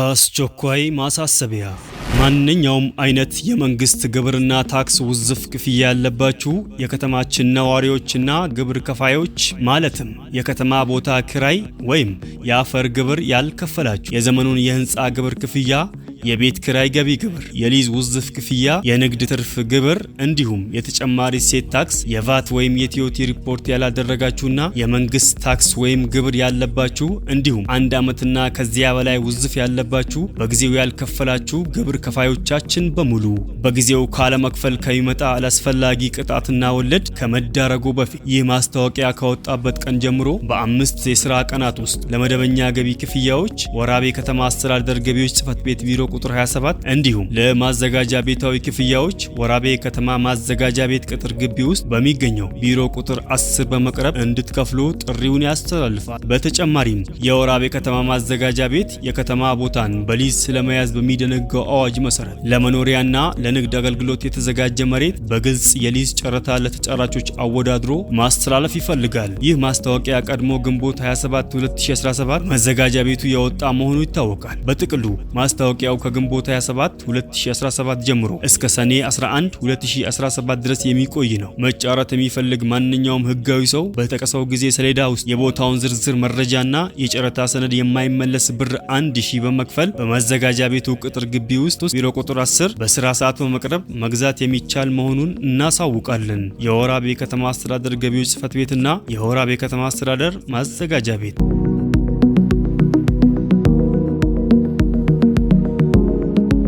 አስቸኳይ ማሳሰቢያ ማንኛውም አይነት የመንግስት ግብርና ታክስ ውዝፍ ክፍያ ያለባችሁ የከተማችን ነዋሪዎችና ግብር ከፋዮች ማለትም የከተማ ቦታ ክራይ ወይም የአፈር ግብር ያልከፈላችሁ የዘመኑን የህንፃ ግብር ክፍያ የቤት ክራይ ገቢ ግብር፣ የሊዝ ውዝፍ ክፍያ፣ የንግድ ትርፍ ግብር እንዲሁም የተጨማሪ ሴት ታክስ የቫት ወይም የቲዮቲ ሪፖርት ያላደረጋችሁና የመንግስት ታክስ ወይም ግብር ያለባችሁ እንዲሁም አንድ ዓመትና ከዚያ በላይ ውዝፍ ያለባችሁ በጊዜው ያልከፈላችሁ ግብር ከፋዮቻችን በሙሉ በጊዜው ካለመክፈል ከሚመጣ አላስፈላጊ ቅጣትና ወለድ ከመዳረጉ በፊት ይህ ማስታወቂያ ከወጣበት ቀን ጀምሮ በአምስት የስራ ቀናት ውስጥ ለመደበኛ ገቢ ክፍያዎች ወራቤ ከተማ አስተዳደር ገቢዎች ጽፈት ቤት ቢሮ ቁጥር 27 እንዲሁም ለማዘጋጃ ቤታዊ ክፍያዎች ወራቤ ከተማ ማዘጋጃ ቤት ቅጥር ግቢ ውስጥ በሚገኘው ቢሮ ቁጥር 10 በመቅረብ እንድትከፍሉ ጥሪውን ያስተላልፋል። በተጨማሪም የወራቤ ከተማ ማዘጋጃ ቤት የከተማ ቦታን በሊዝ ስለመያዝ በሚደነገው አዋጅ መሰረት ለመኖሪያና ለንግድ አገልግሎት የተዘጋጀ መሬት በግልጽ የሊዝ ጨረታ ለተጫራቾች አወዳድሮ ማስተላለፍ ይፈልጋል። ይህ ማስታወቂያ ቀድሞ ግንቦት 27 2017 መዘጋጃ ቤቱ የወጣ መሆኑ ይታወቃል። በጥቅሉ ማስታወቂያው ከግንቦት 27 2017 ጀምሮ እስከ ሰኔ 11 2017 ድረስ የሚቆይ ነው። መጫረት የሚፈልግ ማንኛውም ህጋዊ ሰው በጠቀሰው ጊዜ ሰሌዳ ውስጥ የቦታውን ዝርዝር መረጃና የጨረታ ሰነድ የማይመለስ ብር 1000 በመክፈል በማዘጋጃ ቤቱ ቅጥር ግቢ ውስጥ ቢሮ ቁጥር 10 በስራ ሰዓት በመቅረብ መግዛት የሚቻል መሆኑን እናሳውቃለን። የወራቤ ከተማ አስተዳደር ገቢዎች ጽህፈት ቤትና የወራቤ ከተማ አስተዳደር ማዘጋጃ ቤት